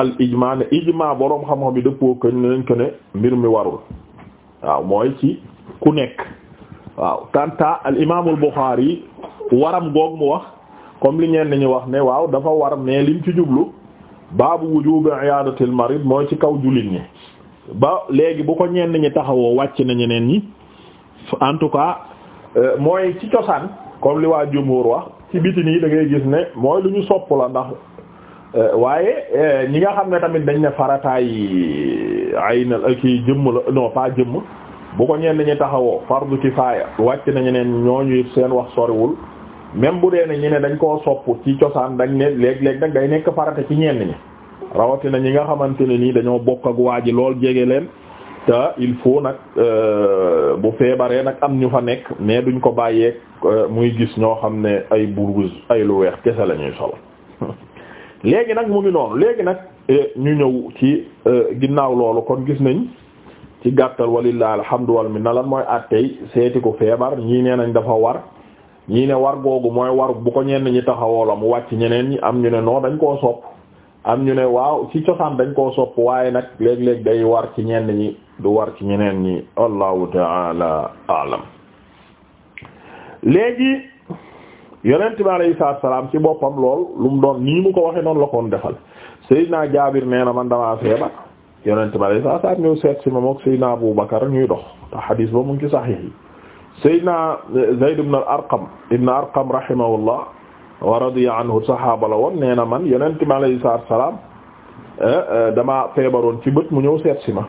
al ijma ne ijma boroom xam-xam bi dëppoo ko nañ ko ne mbir mi warul waaw mooy ci ku nekk waaw kanta al imaamul Buxaari waram goog mu wax comme li ñeen ñu wax ne waaw dafa war mais lim ci jublu baabu wujubi iyaadatil marid mooy ci kaw jullit ñi ba léegi bu ko ñenn ñi taxawoo wàcc na ñeneen ñi en tout cas euh, mooy ci cosaan kom li waa jumhur wax ci biti nii da gis ne mooy lu ñu sopp la ndax Euh, waaye euh, ñi nga xam ne tamit dañ ne farataay ay na kii jëmm la non pas jëmm bu ko ñenn ñi taxawoo far fardu kifaaya wàcc nañu neen ñoo ñooñu seen wax soriwul même bu dee ne ñu ne dañ ko sopp ci cosaan dañ ne léeg-léeg nag day nekk farata ci ñenn ñi rawatina ñi nga xamante ne nii dañoo bokk ak waa ji lool jege leen te il faut nag euh, bu feebaree nag am ñu fa nekk mais duñ ko bàyyeeg muy gis ñoo xam ne ay burgus ay lu weex kese la ñuy sol léegi nag mu ngi loonu léegi nag eh, ñu ñëw ci eh, ginnaaw loolu kon gis nañ ci gàttal walilah alhamdu wal minna lan mooy attey seeti ko feebar ñii nee nañ dafa war ñii ne war googu mooy war bu ko ñenn ñi taxawoo la mu wàcc ñeneen ñi am ñu ne noo dañ koo sopp am ñu ne waaw ci cosaan dañ koo sopp waaye nag léeg-léeg day war ci ñeen ñi du war ci ñeneen ñi allahu taala alam léegi yonent bi alayhi salaam ci boppam lool lu mu doon nii mu ko waxee doon la koon defal Seydina Jaabir nee na man damaa feebar yonent bi alayhi salaam ñëw seet si ma mook Seydina Abu Bakar ñuy dox te xadiis ba mu ngi ci saxiix yi Seydina Zayd ibn al-Arqam ibn Arqam rahimahullah nee na man yonent bi alayhi salaam eh, eh, damaa feebaroon ci bët mu ñëw seet si ma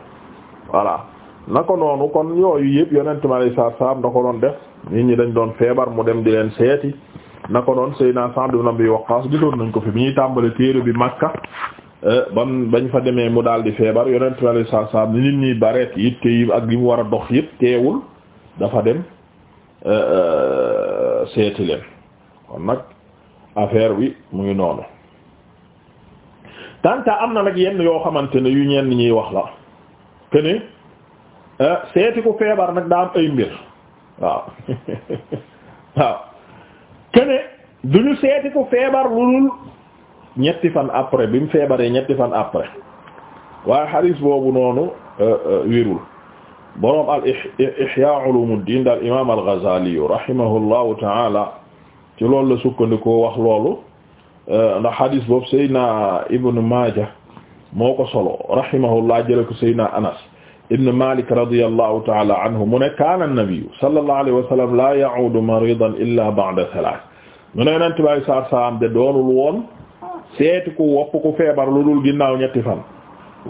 voilà naka noonu kon yooyu yëpp yonent bi alayhi salaam da ko doon def. nit ñi dañ doon feebar mu dem di leen seeti na ko doon Seydina Sa'd ibn Abi Waqqas gisoon nañ ko fi bi ñuy tàmbali téere bi Makka eh, bam bañ fa demee mu daal di feebar yonent bi alayhi salaatu salaam nit ñi yi ak li mu war a dox yëpp teewul dafa dem eh, eh, seeti leen kon nag affaire bi mu ngi noonu tanta am na nag yenn yoo xamante ne yu ñenn ñuy wax la que ne seeti ku feebar nag daa am ay mbir waaw waaw kene duñu seeti ku feebar lulul ñetti fan après bi mu feebaree ñetti fan après waaye xadis boobu noonu euh, euh, wérul boroom al ihya ulumuddin daal imam al ghazali rahimahullahu taala ci loolu la sukkandikoo wax loolu euh, ndax xadis boobu saydna ibnu maaja moo ko solo rahimahullah jële ko saydna anas ibn Malik radiyallahu ta'ala anhu mu ne kaana an-nabiy sallallahu alayhi wa sallam la ya'udu maridan illa ba'da thalath mu ne yonent bi saa saam de doonul woon seeti ku wopp ku feebar lu dul ginnaaw ñetti fan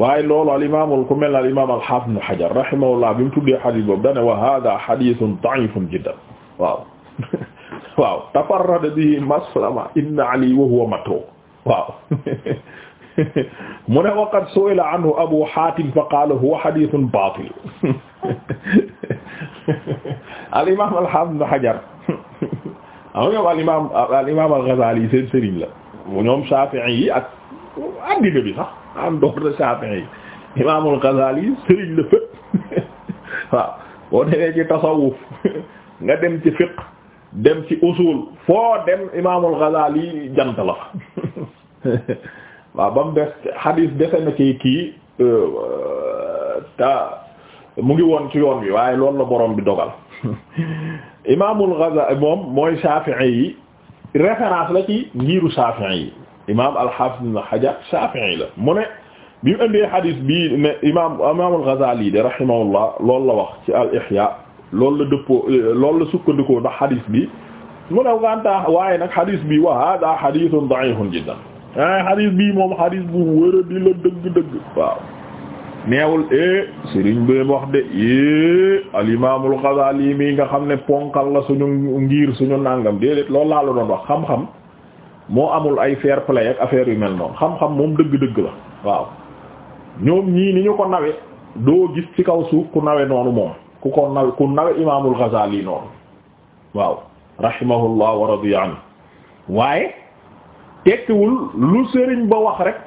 waaye loolu alimaamul ku mel ne alimaam al-Hafiz Ibn Hajar rahimahullah bi mu tuddee xadis boobu dane wa hada xaditun da'ifun jiddan waaw waaw tafarrada bihi Maslama ibn Ali wa huwa matruk waaw mu ne waqad su'ila anhu Abu Hatim fa qaala huwa hadithun batil al imam al-Hafiz Ibn Hajar am ñoom al imam al imam al-Ghazali seen sëriñ la ñoom Shafi'i yi ak addina bi sax en dehors de Shafi'i yi imam al-Ghazali sëriñ la fépp waaw boo demee ci tasawuf nga dem ci fiqh dem ci usul foo dem imam al-Ghazali jant la fa waaw ba mu des xadiis dese na ci kii euh, ta mu ngi woon ci yoon wi waaye loolu la borom bi dogal imaamul Ghazali moom mooy Shafi'i yi référence la ci ngiiru Shafi'i yi imaam al-Hafiz Ibn Hajar Shafi'i la mu ne bi mu indee xadiis bii ne imaam imaamul Ghazali yi de rahimahullah loolu la wax ci al-Ihya loolu la dëppoo euh, loolu la sukkandikoo ndax xadiis bi mu ne gantaa waaye nag xadiis bi wa hada xadiisun da'ifun jiddan ah eh, xadis bii moom xadis bu wéra la dëgg-dëgg waaw neewul e sëriñ bi wax de é eh, al imaamul Ghazali mii nga xam ne ponkal la suñu ngir suñu nàngam déedéet loolu laa la doon wax xam-xam moo amul ay fair play affaire yu mel noonu xam-xam moom dëgg-dëgg la waaw ñoom ñii ni ñu ko nawe doo gis ci kaw suuf ku nawe noonu moom ku ko nawe imaamul Ghazali noonu waaw rahimahullah wa radiya anhu waaye tekkiwul lu sëriñ ba wax rek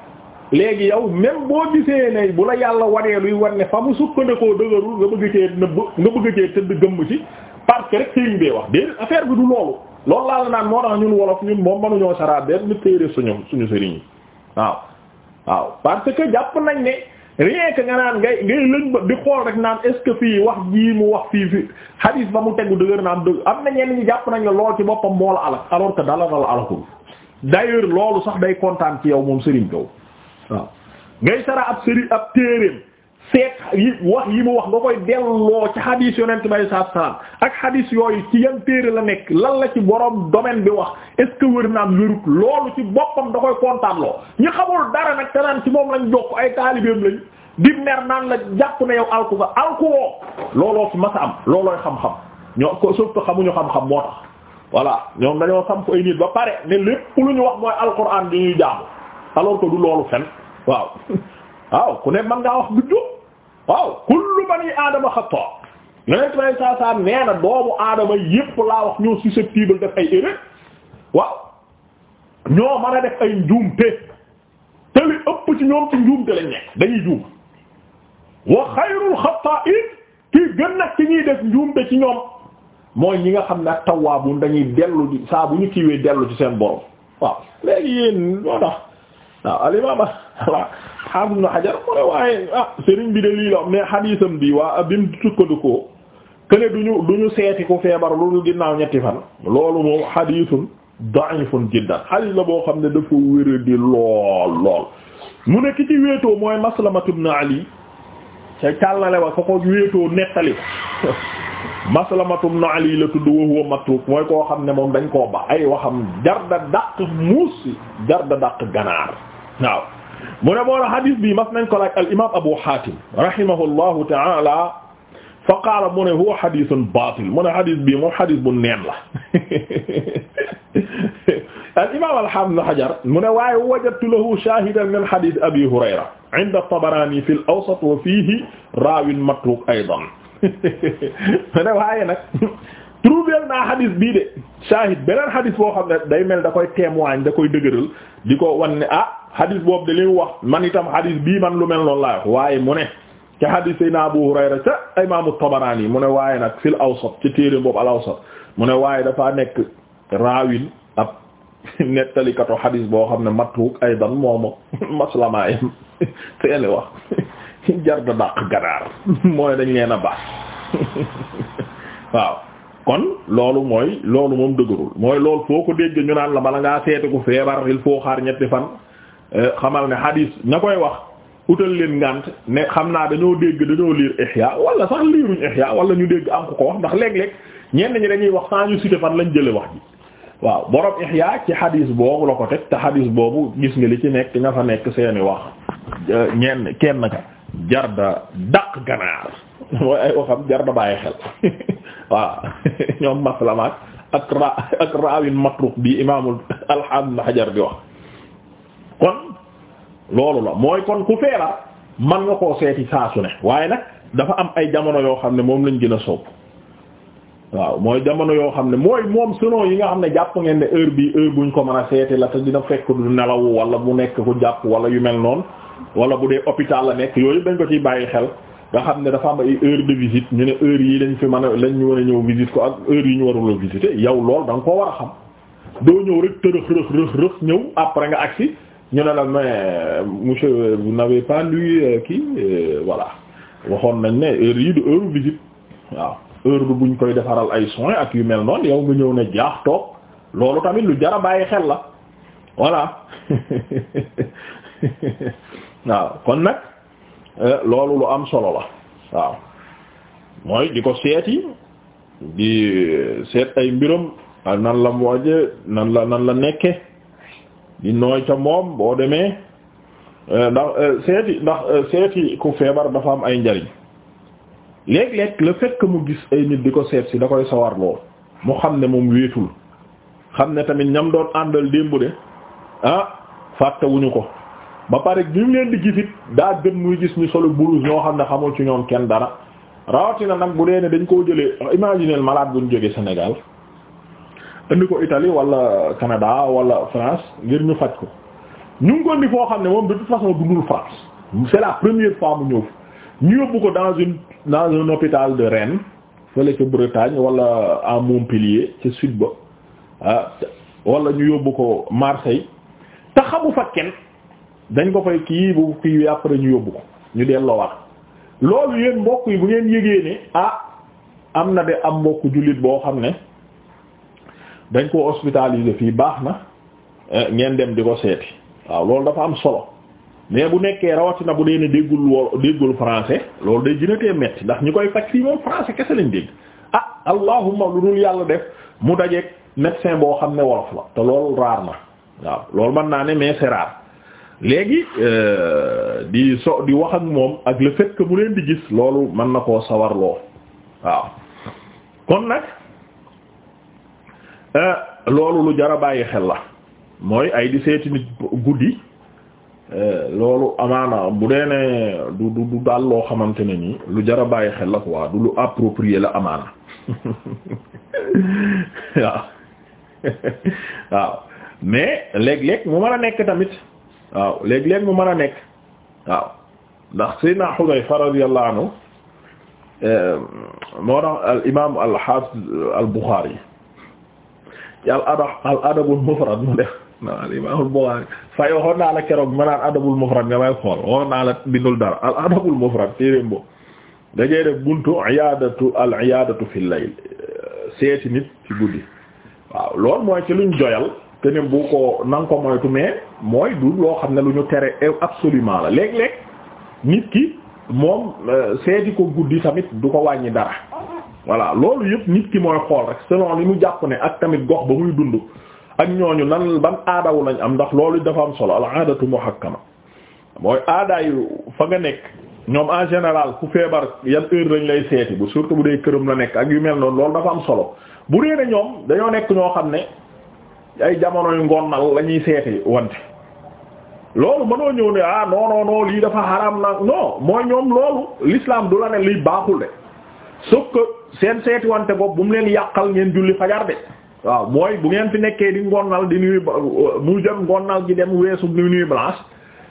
léegi yow même boo gisee ne bu la yàlla wanee luy wan ne fa mu sukkandekoo dëgërul nga bëgg cee nëbb nga bëgg cee tëdd gëmm ci parce que rek sëriñ bee wax déedéet affaire bi du loolu loolu laa la naan moo tax ñun wolof ñun moom mënuñoo saraa benn ni téere suñu suñu sëriñ yi waaw waaw parce que jàpp nañ ne rien que nga naan ngay ngay lëñ ba di xool rek naan est-ce wax jii mu wax fii fi hadis ba mu tegu dëgër na am dëgg am na ñenn jàpp nañ ne lool ci boppam moo la alak alors que d'ailleurs loolu sax day kontaan ci yow moom Serigne Thiaw waaw ngay sara ab Serigne ab téereem seet yi wax yi mu wax nga koy delloo ci xadiis yonent bay saab ak xadiis yooyu ci yan téere la nekk lan la ci borom domaine bi wax est ce que wër naam loolu ci boppam da koy kontaanloo loo ñu xamul dara nag te naan ci moom lañ jokk ay taalibeem lañ di mer naan la jàpp na yow alku nga alku woo looloo fi mas a am loolooy xam-xam ñoo ko surtout xamuñu xam-xam moo tax voilà ñoom dañoo samp ay nit ba pare ne lépp lu ñu wax mooy alquran bi ñuy jaamu alors que du loolu fen waaw waaw ku ne mën ngaa wax du jub waaw kullu bani aadama xata yonent bay saa saa nee na doomu aadama yépp laa wax ñoo susceptible def ay waaw ñoo mën a def ay njuumte te li ëpp ci ñoom ci njuumte lañ nekk dañuy juum wa xayrul xata'in kii gën nag ci ñuy def njuumte ci ñoom mooy ñi nga xam ne ak tawaabu dañuy dellu di saa bu ñu kiiwee dellu ci seen borom waaw léegi yéen moo tax waaw alimama voilà xaafis na xajar mu ne waaye ah sëriñ bi de lii la mais xadiisam bi waa ah bim sukkandikoo këne duñu duñu seeti ku feebar loolu ginnaaw ñetti fan loolu moom xadiisun da'ifun jiddan xadiis la boo xam ne dafa wéra lool lool mu ne ki ci wéetoo mooy maslamatu ibn ali ca càllale wa ko ko wéetoo nettali ko maslamatum na ali la tudd wa huwa matruk mooy koo xam ne moom dañ koo ba ay waxam jar da dàq muus jar da dàq ganaar waaw mu ne moo na hadis bi mas nañ ko laaj al imam abu hatim rahimahullahu taala fa qaala mu ne huwa hadithun batil mu ne hadis bi moom hadis bu neen la al imam alhamd hajar mu ne waaye wajadtu lahu shahidan min hadith abi hurayra inda tabarani fi al awsat wa fihi raawin matruk aydan ma ne waaye nag trouver naa xadis bii de shahid beneen xadis boo xam ne day mel da koy témoigne da koy dëgëral di ko wan ne ah xadis boobu de li wax man itam xadis bii man lu mel noon laa wax waaye mu ne ca xadis say na Abu Hurayra ca imaamu Tabarani yi mu ne waaye nag fil awsat ca téere boobu al awsat mu ne waaye dafaa nekk raawin ab nettalikatu xadis boo xam ne matruk aydan mooma maslamaayam seeni wax jar da dàq ganaar mooy dañ leen a baax waaw kon loolu mooy loolu moom dëgërul mooy loolu foo ko dégg ñu naan la bala ngaa seete ku feebar il faut xaar ñetti fan eh, xamal ne xadiis ña koy wax utal leen ngànt ne xam naa dañoo dégg dañoo liir Ihya wala sax liiruñ Ihya wala ñu dégg am ko wax ndax léeg-léeg ñenn ñi dañuy wax sans ñu citer fan lañ jële wax ji waaw borom Ihya ci xadiis boobu la ko teg te xadiis boobu gis nga li ci nekk ña fa nekk seeni wax eh, ñenn kenn jarda daq ganaar mooy ay waxam jarda bàyyi xel waaw ñoom maslamaak ak ra ak raawin matruk bi imaamul alxaam na xajar bi wax kon loolu la mooy kon ku feebar man nga koo seeti saasu ne waaye nag dafa am ay jamono yoo xam ne moom lañ gën a sopp waaw mooy jamono yoo xam ne mooy moom sinon yi nga xam ne jàpp ngeen ne heure bi heure buñ ko mën a seeti la te dina fekk du nelaw wala mu nekk ku jàpp wala yu mel noonu wala bu dee hôpital la nekk yooyu dañ ko bàyyi xel nga xam ne dafa am ay heure de visite ñu ne heure yi lañ fi man a ñu war a ñëw visite ko ak heure yi ñu warul a visiter yow lool da nga koo war a xam doo ñëw rek tërëx rëx rëx ñëw après nga agsi ñu ne la mais monsieur vous n'avez pas lu euh, kii euh, voilà waxoon nañ ne heure yi du heure visite waaw heure buñ koy defaral ay soins ak yu mel noonu yow nga ñëw ne jaax toog loolu tamit lu jara bàyyi xel la voilà waaw kon nag euh, loolu lu am solo la waaw mooy di ko seeti di euh, seet ay mbiram ak nan la mooje nan la nan la nekke di nooy ca moom boo demee euh, ndax seeti ndax seeti ku feebar dafa am ay njariñ léeg-léeg le fait mu gis ay nit di ko seet si da koy sawar lool mu xam ne moom wéetul xam ne tamit ñam doon àndal démb de ah fàttewuñu ko ba pare bi mu leen di gisit daa gën muy gis ñu solo blouse ñoo xam ne xamul ci ñoom kenn dara rawatina nag bu dee ne dañ koo jëlee imaginez malade bu ñu jógee Sénégal indi ko Italie wala Canada wala France ngir ñu faj ko ñu ngi foo xam ne moom de toute façon dundul France c'est la première fois mu ñëw ñu yóbbu ko dans une dans un hôpital de Rennes fële Bretagne wala en Montpellier ci sud ba ah wala ñu yóbbu ko Marseille te xamu fa dañ ko koy kii bu kii bi après ñu yóbbu ko ñu delloo wax loolu yéen mbokk yi bu ngeen yëgee ne ah am na de am mbokk jullit boo xam ne dañ ko hospitalisé fii baax na eh, ngeen dem di ko seeti waaw loolu dafa am solo mais bu nekkee rawatina bu dee ne déggul woo déggul français loolu day gënatee métti ndax ñi koy faj fii moom français kese lañ dégg ah allahuma lu dul yàlla def mu dajeeg médecin boo xam ne wolof la te loolu raar na waaw loolu mën naa ne mais léegi euh, di so di wax ak moom ak le fait que mu leen di gis loolu mën na koo sawarloo waaw kon nag euh, loolu lu jara bàyyi xel la mooy ay di seeti nit guddi euh, loolu amaana bu dee du du du loo xamante ne nii lu jara bàyyi xel la quoi du lu approprié la amaana waaw waaw mais léeg-léeg mu mën a nekk tamit. waaw léegi léeg mu man a nekk waaw ndax Seydina Hudayfa radiyallahu anhu eh, moo tax al imaam al hafiz al Bukhari al adab al adabul mu def al imaam al Bukhari fay waxoon naa la keroog ma naan adabul mufrad nga may xool waxoon naa la bindul dara al adabul mufrad téereem bo dajee def buntu iyaadatu al iyaadatu fil layl seeti nit ci guddi waaw loolu mooy ci luñ joyal te bu ko na nga ko moytu mais mooy du loo xam ne lu ñu tere absolument la léeg-léeg nit ki moom euh, seeti ko guddi tamit du ko wàññi dara voilà loolu yëpp nit ki mooy xool rek selon li ñu jàpp ne ak tamit gox ba muy dund ak ñooñu nan ban aadawu nañ am ndax loolu dafa am solo al aadatu muhakkama mooy aadaayu fa nga nekk ñoom en général ku feebar yan heure lañ lay seeti bu surtout bu dee këram la nekk ak yu mel noonu loolu dafa am solo bu dee ne dañoo nekk ñoo xam ne ay jamonoy ngonnal la ñuy seeti wante loolu mënoo ñëw ne ah non non non lii dafa xaram na non mooy ñoom loolu l'islam du la ne lii baaxul de sauf seen seeti wante bopp bu mu leen yàqal ngeen julli fajar de waaw mooy bu ngeen fi nekkee di ngonnal di nuyu mu jëm ngonnal gi dem weesu nu nuyu blanche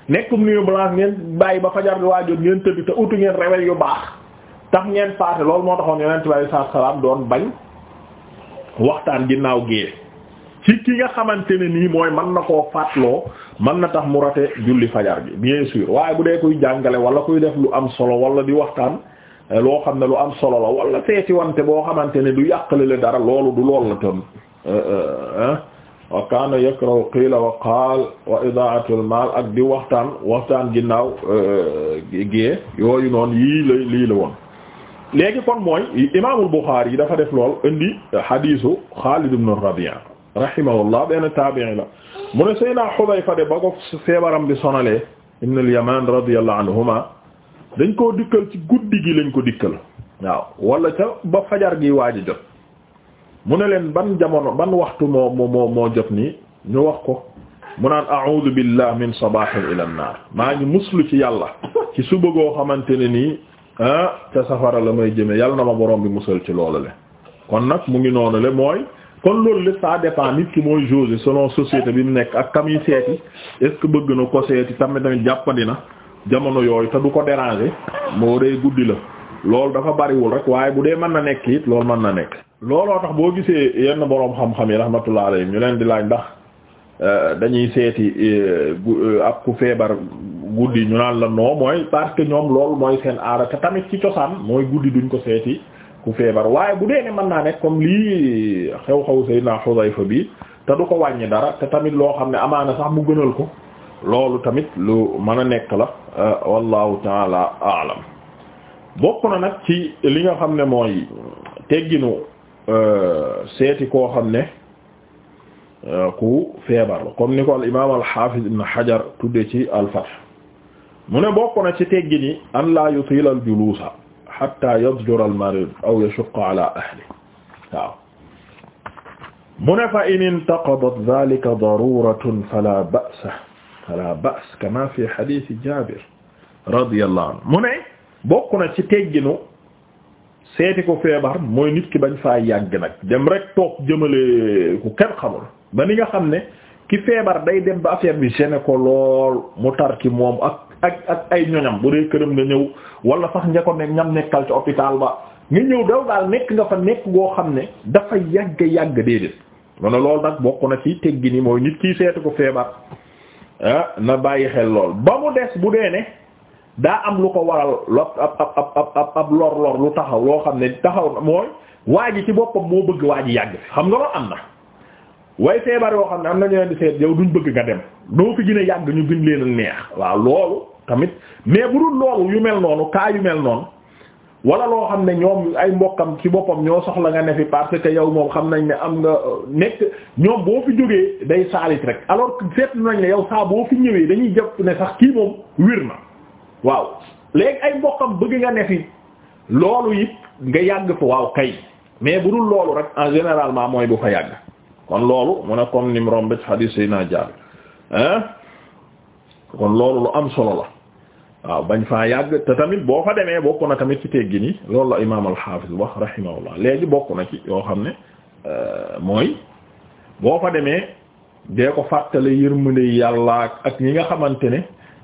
nekkum nuyu blanche ngeen bàyyi ba fajar bi waajoot ngeen tëdd te utu ngeen réveil yu baax tax ngeen paase loolu moo taxoon yonent bi sallallahu alayhi wasallam doon bañ waxtaan ginnaaw ci ki nga xamante ne nii mooy man na koo fàttaloo man na tax mu rate julli fajar bi bien sûr waaye bu dee kuy jàngale wala kuy def lu am solo wala di waxtaan eh, loo xam ne lu am solo la wala seeti wante boo xamante ne du yàqale le dara loolu du lool la ton eh, eh, wa kaana yakrahu qiila ak di waxtaan waxtaan ginnaaw gée yooyu noon yii la lii la woon léegi kon mooy imaamul Buxaari yi dafa def lool indi hadiisu Xaalid ibn Rabi'a rahimahullah benn taabi'i la mu ne Seydina Hudayfa de ba ko feebaram bi sonalee ibn al-Yaman radiyallahu anhuma dañ koo dikkal ci guddi gi lañ ko dikkal waaw wala ca ba fajar gi waaj a jot mu ne leen ban jamono ban waxtu moo moo jot ni ñu wax ko mu naan a'udhu billahi min sabahin ila an maa ngi muslu ci yàlla ci suba goo xamante ne nii ah ca safara la may jëme yàlla na ma borom bi musal ci loolu le kon nag mu ngi noonu le mooy kon loolu lépp ça dépend nit ki mooy jauger selon société bi mu nekk ak kam yu seeti est bëgg na ko seeti tamit tamit jàppandi na jamono yooyu te du ko déranger moo dee guddi la loolu dafa bariwul rek waaye bu dee mën na nekk it loolu mën na nekk. looloo tax boo gisee yenn boroom xam-xam yi rahmatullah alayhi ñu leen di laaj ndax euh, dañuy seeti euh, euh, ab ku feebar guddi ñu naan la non mooy parce que ñoom loolu mooy seen aada te tamit ci cosaan mooy guddi duñ ko seeti. ku feebar waaye bu dee ne mën naa nekk comme lii xew-xew Seydina Xudayfa bi te du ko wàññi dara te tamit loo xam ne amaana sax mu gënal ko loolu tamit lu mën a nekk la euh, wallahu taala alam bokk na nag ci li nga xam ne mooy tegginu euh, seeti koo xam ne euh, ku feebar la comme ni ko al imaam al xaafiz ibn Hajar tudde ci al Fath mu ne bokk na ci teggini an la yutilal juluusa hatta yadjur al marid aw yashqa ala ahli waaw mu ne fa in intaqadat dhalika daruratun fala ba'sa fala ba's kama fi hadith jabir radiyallahu anhu mu ne bokk na ci tegginu seeti ko feebar mooy nit ki bañ faa yàgg nag dem rek toog jëmale ku kenn xamul ba ni nga xam ne ki feebar day dem ba affaire bi gêné ko lool mu tar ki moom ak ak ak ay ñoñam bu dee këram nga ñëw wala sax ña ko ne ñam nekkal ca hôpital ba nga ñëw daw daal nekk nga fa nekk goo xam ne dafa yàgg yàgg déedéet mu ne lool nag bokk na ci teggi ni mooy nit ki seetu ko feebar ah na bàyyi xel lool ba mu des bu dee ne daa am lu ko waral ab ab ab lu taxaw loo xam ne taxaw mooy waa ji ci boppam moo bëgg waa ji yàgg xam nga loolu am na way feebar yoo xam ne am na ñu leen di seet yow duñ bëgg nga dem doo fi gën a yàgg ñu gën a neex waaw loolu tamit mais bu dul loolu yu mel noonu kaa yu mel noonu wala loo xam ne ñoom ay mbokkam ci boppam ñoo soxla nga ne fi parce que yow moom xam nañ ne am nga nekk ñoom boo fi jógee day saalit rek alors que seetlu nañ ne yow saa boo fi ñëwee dañuy jàpp ne sax kii moom wir na waaw léegi ay mbokkam bëgg nga ne fi loolu it nga yàgg fa waaw kay mais bu dul loolu rek en généralement mooy bu fa yàgg kon loolu mu ne comme ni mu romb ci naa Seydina Jaabir kon loolu lu am solo la. waaw bañ faa yàgg te tamit boo fa demee bokk na tamit ci teggin yi loolu la imaam al-Hafiz wax rahimahullah léegi bokk na ci yoo xam ne euh, mooy boo fa demee dee ko fàttale yërmande yàlla ak ñi nga xamante ne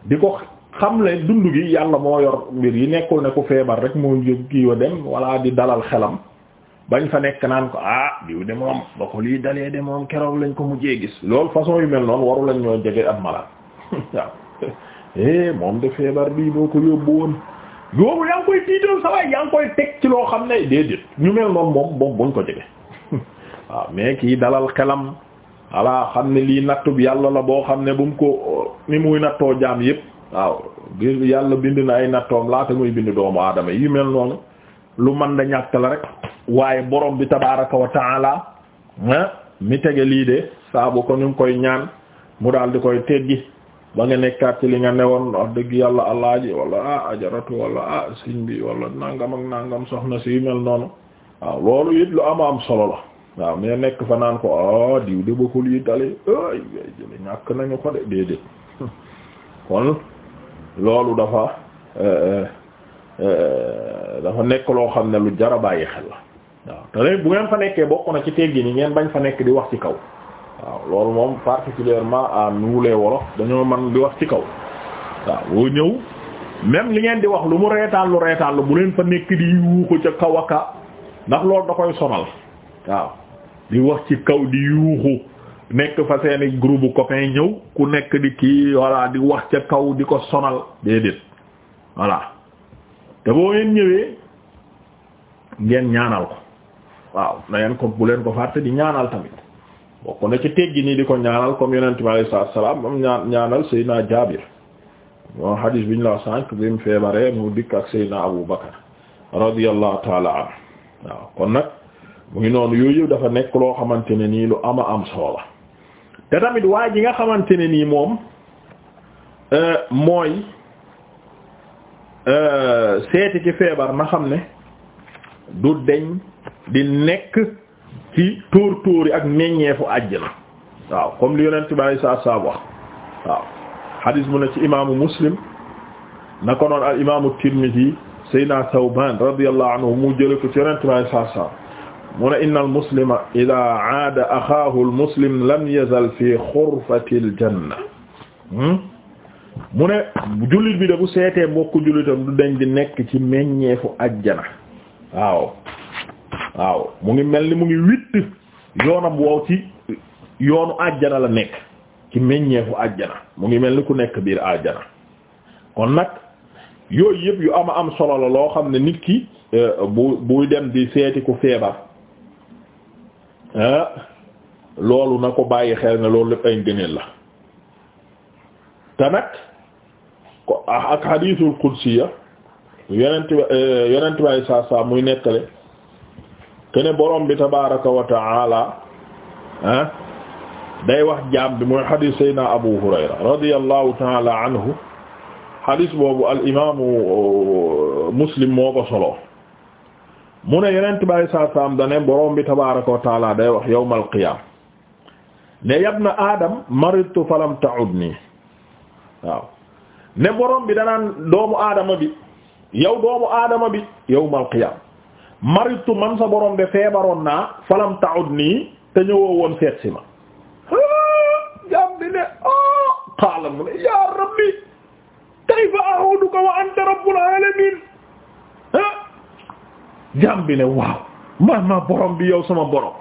di ko xam xamle dund gi yàlla moo yor mbir yi nekkul ne ku feebar rek moo jóg wa dem wala di dalal xelam bañ fa nekk naan ko ah diw de moom ba lii dalee de moom keroog lañ ko mujjee gis loolu façon yu mel noonu waru lañ ñoo jege ab malade waaw eh moom de feebar bii boo ko yóbbu yaa ngi koy tiital sa yaa ngi koy teg ci loo xam ne déedéet ñu mel noonu moom moom buñ ko jege waaw mais kii dalal xelam voilà xam ne lii nattub yàlla la boo xam ne bu mu ko ni muy nattoo jaam yépp waaw yàlla bind na ay nattoom laata bind doomu aadama yi mel lu man da ñàkk la rek waaye boroom bi tabaraka wa taala ah, mi tege lii de saa ko ñu ngi koy ñaan mu daal di koy teggi ba nga nekkaat ci li nga newoon wax dëgg yàlla alaaji wala ah ajaratu wala ah siñ bi wala nangam ak nangam soxna si mel noonu waaw loolu it lu ama am solo la waaw mais nekk fa naan ko ah diw de bokkul dale ay ay jële ñàkk nañu ko de déedéet kon loolu dafa eh, eh, eh, dafa nekk loo xam ne lu jara bàyyi xel la waaw te bu ngeen fa nekkee bokk na ci teggi ni ngeen bañ fa nekk di wax ci kaw waaw loolu moom particulièrement à nous les wolof dañoo man di wax ci kaw waaw boo ñëw même li ngeen di wax lu mu reetaan lu reetaan lu bu leen fa nekk di yuuxu ca kaw aka ndax loolu da koy sonal waaw di wax ci kaw di yuuxu nekk fa seeni groupe copain ñëw ku nekk di kii voilà di wax ca kaw di ko sonal déedéet voilà te boo ngeen ñëwee ngeen ñaanal ko waaw na ngeen ko bu leen ko fàtte di ñaanal tamit bokk na ci teggi nii di ko ñaanal comme yonente bi alayhi salaatu salaam moom ñaan ñaanal Seydina Jaabir moom hadis bi ñu la sànq bi mu feebaree mu dikk ak Seydina Abu Bakar radiyallahu taala anhu waaw kon nag mu ngi noonu yooyu dafa nekk loo xamante ne nii lu ama am solo te tamit waa ji nga xamante ne nii moom euh, mooy euh, seeti ci feebar na xam ne du deñ di nekk. ci tóor tóor yi ak meññeefu àjjana waaw comme li yonent bi alayhi salaatu wax waaw hadis mu ne ci imaamu muslim na ko noon al imaamu tirmidhi sayyidina Thawbaan radiyallahu anhu mu jële ko ci yonent bi alayhi salaatu salaam mu ne innal muslima idaa aada axaahu al lam yazal fi xurfati al hmm? mu ne jullit bi de bu seetee mbokku jullitam du dañ nekk ci meññeefu àjjana waaw waaw mu ngi mel ni mu ngi witt yoonam wow ci yoonu àjjana la nekk ci meññeefu àjjana mu ngi mel ni ku nekk biir àjjana kon nag yooyu yëpp yu ama am solo la loo xam ne nit ki euh, bu buy dem di seeti ku feebar euh, loolu na ko bàyyi xel ne loolu lépp ay ngëneel la te nag ko ak xadiisul qudsiya yonent euh, yonent baay saa saa muy nettale kene borom bi tabaraka wa taala day wax jaam bi mooy hadis saydna abu hurayra radiyallahu taala anhu hadis boobu al imaamu uh, muslim moo ko solo mu ne yenent bàyyi saa saam dane borom bi tabaraka wa day wax yawmal qiyaam ne yabna aadam maridtu falam ta'udni waaw ne borom bi danaan doomu aadama bi yow doomu aadama bi yawmal qiyaam maritu man sa borom de feebaroon naa falam taud nii te ñëwoo woon seet si ma jaam bi ne ah qaala mu ne yaa rabbi kayfa a'uduka wa anta rabbul alamin ah jaam bi ne waaw maa ma borom bi yow sama borom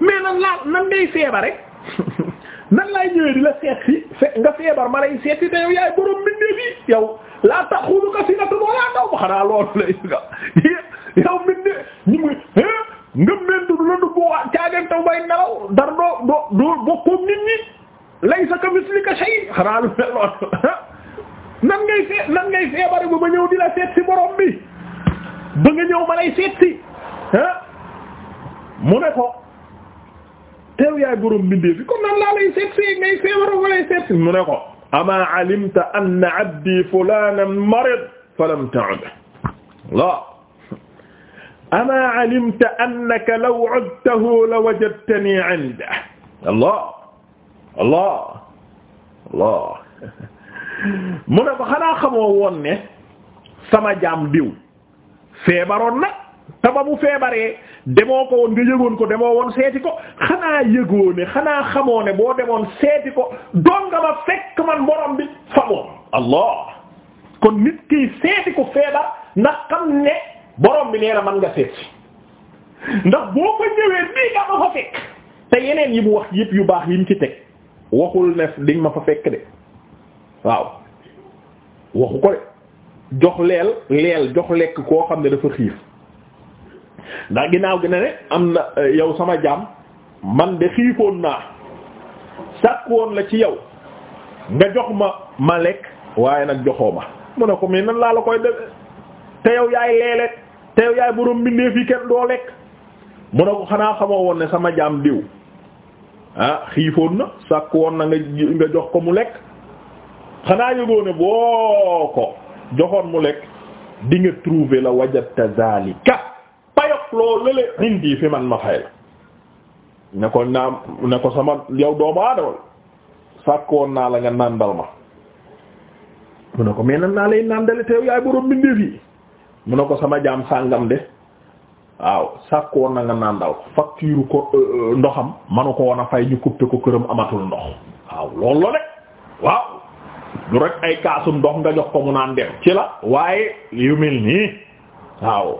mais nan laa nan day feebare nan laay ñëwee di la seet fe nga feebar ma lay seet te yow yaay borom mbindeef yi yow laa taxuduka sinatun wala nawm xanaa loolu lay nga yow mit ne ñu muy ngëm mentu du la dugg waa caagen taw bay nelaw dara doo doo doo bokkoog ka mislika shay xanaa lu ba ba ñëw di la seet si borom ba nga ñëw ma lay seet si ne ko teew yaay borom bindee fi kon nan laa lay seet si ngay feebare ba lay ne ko ama alimta anna abdi fulanan marid falam ta'ud la amaa alimta annaka law udtahu la wajadtani indahu allah allah allah mu ne ko xanaa xamoo woon sama jaam diw feebaroon na te ba mu feebaree demoo ko woon nga yëgoon ko demoo woon seeti ko xanaa yëgoo ne xanaa xamoo ne boo demoon seeti ko doon nga ma fekk man borom fa moom allah kon nit seeti ko feebar ndax xam borom bi nee na mën nga seet si ndax boo ko ñëwee bii nga ma fa fekk te yeneen yi mu wax yëpp yu baax yi mu ci teg waxul ne diñ ma fa fekk de waaw waxu ko de jox leel leel jox lekk koo xam ne dafa xiif ndax ginnaaw gi ne ne am na euh, yow sama jaam man de xiifoon naa sàkkoon la ci yow nga jox ma ma lekk waaye nag joxoo ma mu ne ko mais nan laa la koy def te yow yaay leele te yow yaay boroom mbindee fii kenn doo lekk mu ne ko xanaa xamoo woon ne sama jaam diw ah xiifoon na sàkk woon na nga jox ko mu lekk xanaa yëgoo ne boo ko joxoon mu lekk di trouver la wajata zalika payok loo lële indi fi man ma fay la ne ko naam ne ko sama yow doomu aadama sàkk woon naa la nga nàndal ma mu ne ko mais nan naa lay nàndale te yow yaay boroom mbindee fii mu ne ko sama jaam sàngam de waaw sàkk woon na nga nàndal facture ko euh, euh, ndoxam manu ko woon a fay ñu coupé ko këram amatul ndox waaw loolu la de waaw du rek ay kaasum ndox nga jox ko mu naan def ci la waaye yu mel nii waaw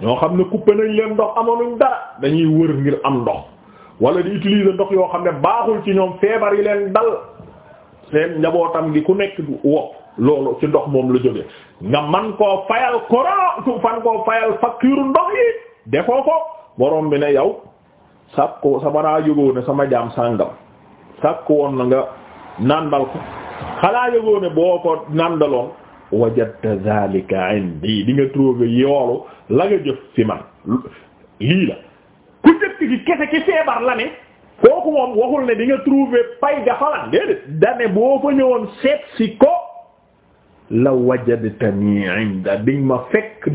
ñoo xam ne coupé nañ leen ndox amoon amaluñ dara dañuy wër ngir am ndox wala di utiliser ndox yoo xam ne baaxul ci ñoom feebar yi leen dal seen njabootam gi ku nekk du wopp loolu ci ndox moom la jóge nga man koo fayal courant tu fan koo fayal ndox yi defoo ko borom bi ne yow sàkku sama daa yëgoo ne sama jaam sàngam sàkku woon na nga nàndal ko xalaa yëgoo ne boo ko nàndaloon wajadta zalika indi di nga trouver yoolu la nga jëf ci man lii la ku jëkk gi kese ki feebar la ne kooku moom waxul ne di nga trouver pay ga falan déedéet dane boo ko ñëwoon seet si ko la wajadtani inda diñ ma fekk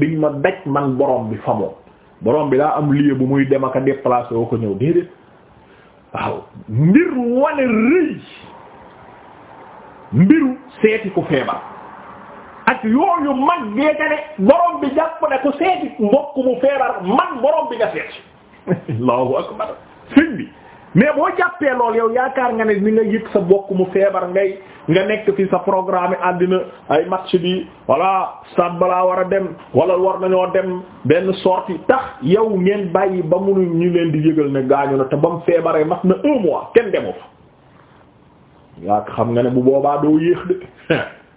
man borom bi fa moom bi daa am lieu bu muy dem ak a déplacé woo ko ñëw déedéet waaw mbir wane rëy mbiru seeti ku feebar ak yooyu mag geeka ne borom bi jàpp ne ku seeti mbokk feebar man borom bi nga seet akbar sëñ mais boo jàppee lool yow yaakaar nga ne ni nga yëg sa bokk mu feebar ngay nga nekk fi sa programme àddina ay match bi voilà stade balaa war a dem wala war nañoo dem benn yi tax yow ngeen bàyyi ba mu ñu leen di yëgal ne gaañu na te ba mu feebaree mat na un mois kenn demoo fa yaa xam nga ne bu boobaa doo yéex de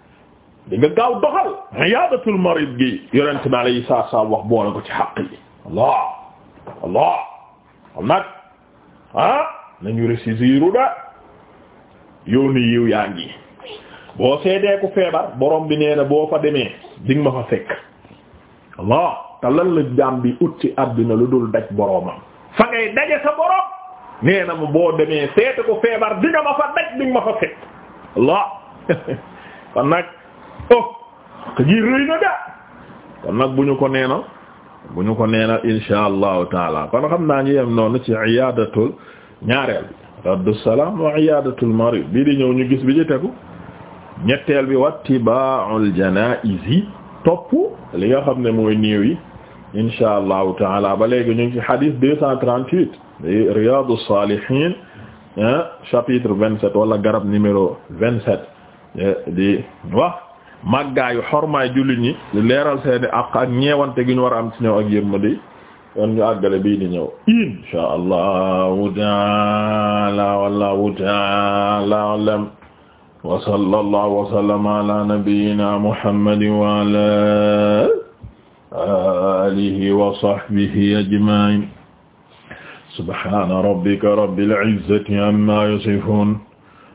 di nga gaaw doxal iyadatul marid gi yonent bi alayhi salaatu wa salaam wax boole ko ci xaq yi Allah Allah nag ah nañu resiziru da yoonu yiw yaa ngi boo seedee ku feebar boroom bi nee na boo fa demee dinga ma fa fekk Allah te lan la jaam bi ut ci àddina lu dul daj boromam fa ngay daje sa borom nee na mu boo demee seete ku feebar dinga ma fa daj dinga ma fa fekk Allah kon nag oh ka ji rëy na da kon nag bu ñu ko nee na bu ñu ko neena insha allahu taala kon xam naa ñu yem noonu ci iyadatul ñaareel bi salaam wa iyadatul marid bii di ñëw ñu gis bi ci tegu ñetteel bi wattiba'ul janaizi topp li nga xam ne mooy néew yi insha allahu taala ba léegi ñu ngi ci hadith deux ah, chapitre vingt-sept wala garab numéro vingt-sept eh, di wax màggaayu xormaay jullit ñi leeral seeni àq ak ñeewante gi ñu war a am ci ñëw ak yërmande kon ñu àggale bii di ñëw inshaa allahu taala wallahu taala alam wa sallallahu wa sallama ala nabiyyina muhammadin wa ala alihi wa sahbihi ajma'in subhana rabbika rabbil izzati amma yasifun